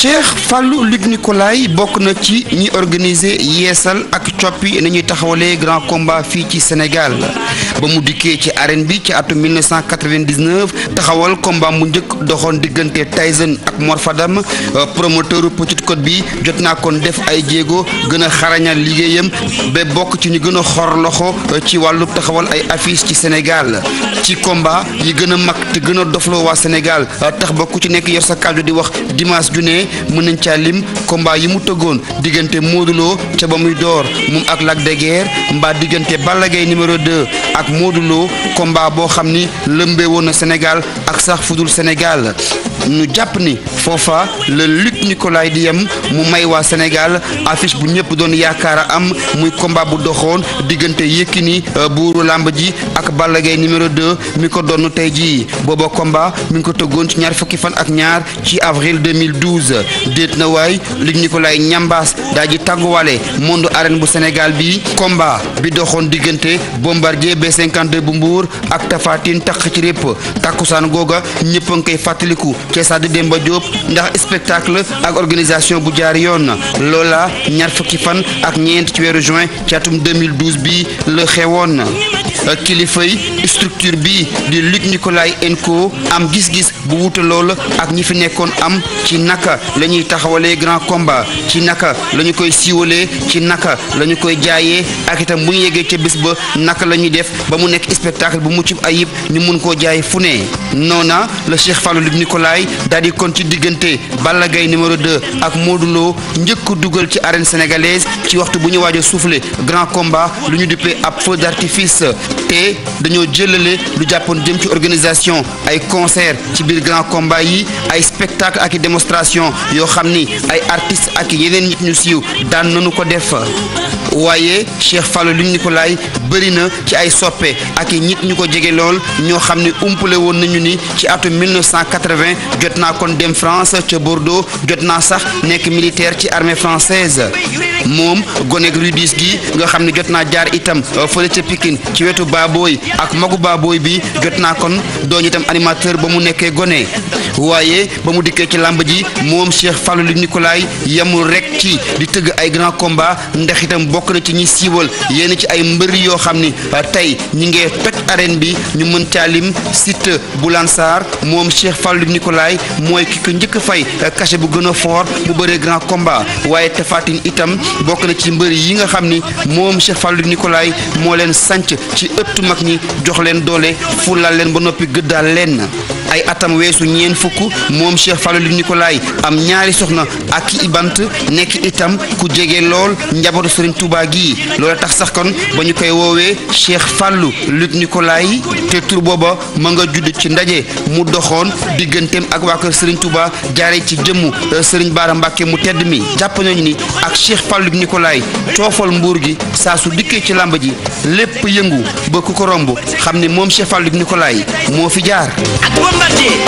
Cheikh Fallou Luc Nicolaï bokk na ci ñi organiser yeesal ak coppi nañuy taxawalee grand combat fii ci Sénégal ba mu dikkee ci arène bi ci atum 1999 taxawal combat mu njëkk doxoon diggante Tyson ak Morfadam euh, promoteur Petite Côte bi jot naa kon def ay jéego gën a xarañal liggéeyam ba bokk ci ñu gën a xor loxo euh, ci wàllu taxawal ay affiches ci Sénégal ci combat yi gën a mag te gën a dofloo waa Sénégal euh, tax ba ku ci nekk yor sa kàddu di wax dimanche ju ne mën nañ caa lim combat yi mu tëggoon diggante Modou Lo ca ba muy door moom ak Lac de Guiers mbaa diggante Balla Gaye numéro 2 ak Modou Lo boo xam ni lëmbee woon na Sénégal ak sax fudul Sénégal ñu jàpp ni foofa le Luc Nicolaï di yem mu may waa Sénégal affiche bu ñëpp doon yaakaar a am muy combat bu doxoon diggante Yékini euh, buuru làmb ji ak Balla Gaye numéro 2 mi ko doon tey jii booba combat mi ngi ko tëggoon ci ñaar fukki fan ak ñaar ci avril 2012 déet na waay Luc Nicolaï ñambaas daa ji tàgguwaale monde arène bu senegal bi combat bi doxoon diggante bombardier B52 bu Mbour ak Tapha Tine taq ci répp tàkkusaan googa ñëpp a koy fàttaliku ca stade Demba Diop ndax spectacle ak organisation bu jaar yoon loola ñaar fukki fan ak ñeent ci weeru juin ci atum 2012 bi la xewoon Euh, kilifa yi structure bi di Luc Nicolaï Enco am gis-gis bu wuute lool ak ñi fi nekkoon am ci naka lañuy ñuy taxawalee grand combat ci naka lañu koy siiwalee ci naka lañu koy jaayee ak itam bu ñu yeggee ca bés ba naka la ñuy def ba mu nekk spectacle bu mucc ayib ñu mun koo jaay fu ne noona la Cheikh Fallou Luc Nicolaï daal di kon ci diggante Balla gay numéro 2 ak Modou njëkk dugal ci arène sénégalaise ci waxtu bu ñu waaj a soufflé grand combat lu ñu duppee ab feu d'artifice te dañoo jëlale lu jàppoon jëm ci organisation ay concert ci biir grand combat yi ay spectacle ak i démonstration yoo xam ni ay artistes ak yeneen nit ñu siiw daan nañu ko def waaye Cheikh Fallou Lugne Nicolaï bëri na ci ay soppe ak yi nit ñu ko jege lool ñoo xam ne umpale woon nañu ni ci atum 1980 jot naa kon dem France ca Bordeaux jot naa sax nekk militaire ci armée française moom moom goneeg rubis gi nga xam ne jot naa jaar itam euh, fële ca Pikine ci wetu baabooy ak magu baabooy bi jot naa kon doon itam animateur ba mu nekkee gone waaye ba mu dikkee ci làmb ji moom Cheikh Fallou Nicolaï yemul rek ci di tëgg ay grand combat ndax itam bokk na ci ñi siiwal yéen ci ay mbër yoo xam ni euh, tey ñi ngee toj arène bi ñu mën caa lim site lansar moom Cheikh Fallou Nicolaï mooy ki ko njëkk fay euh, cachet bu gën a fort mu bëree grand combat waaye Tapha na ci mbër yi nga xam ni moom Cheikh Fallou Nicolaï moo leen sanc ci ëttu mag ñi jox leen doole fulal leen ba noppi gëddaal leen na ay atam weesu ñeen fukk moom Cheikh Fallou Nicolaï am ñaari soxna ak i bant nekk itam ku jege lool njabootu Serigne Touba gii loola tax sax kon ba ñu koy woowee Cheikh Fallou Nicolaï te tur booba ma nga judd ci ndaje mu doxoon digganteem ak waa kër Serigne Touba jaare ci jëmm euh, sëriñ Bara Mbacke mu tedd mi jàpp nañu ni ak Cheikh Fallou Nicolay coofal mbuur gi saa su dikkee ci làmb ji lépp yëngu ba ku ko romb xam ne moom Cheikh Fallou Nicolay moo fi jaar. ak Bombardier